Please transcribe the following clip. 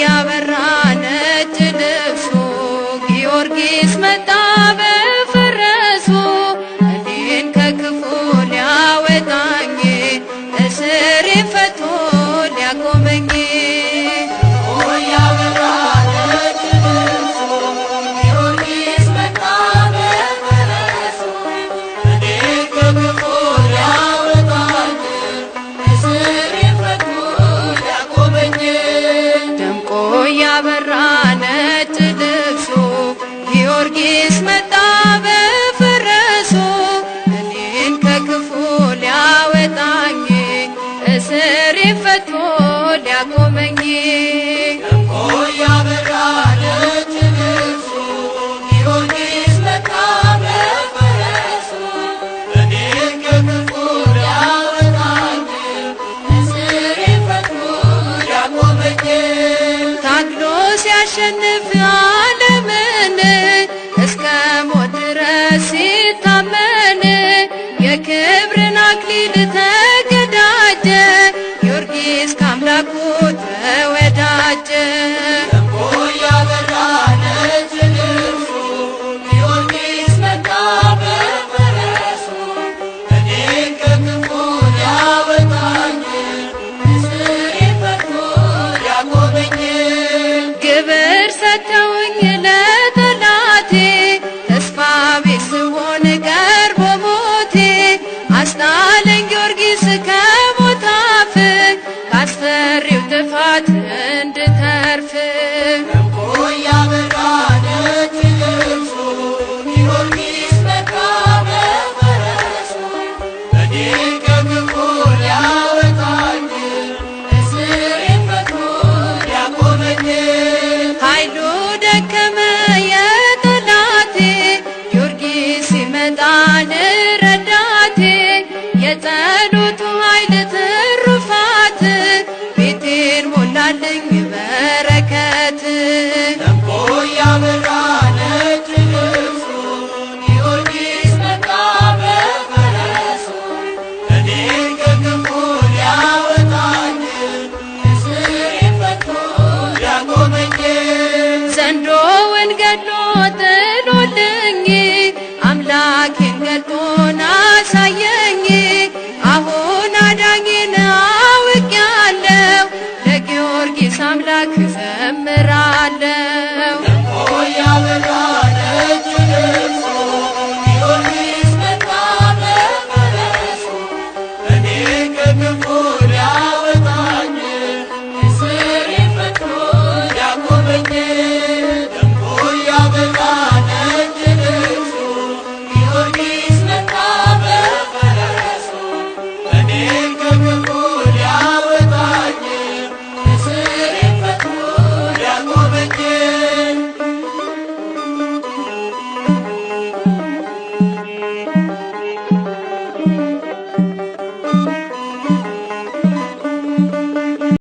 ያበራ ነጭ ልብሱ ጊዮርጊስ መጣ በፈረሱ እኔን ከክፉ ሊያወጣኝ እስሬን ፈቶ ሊያቆመኝ አሸንፍ ዓለምን እስከ ሞት ድረስ ሲታመን የክብርን አክሊል ተቀዳጀ ጊዮርጊስ ከአምላኩ ተወዳጀ። Yeah. ¡Otra!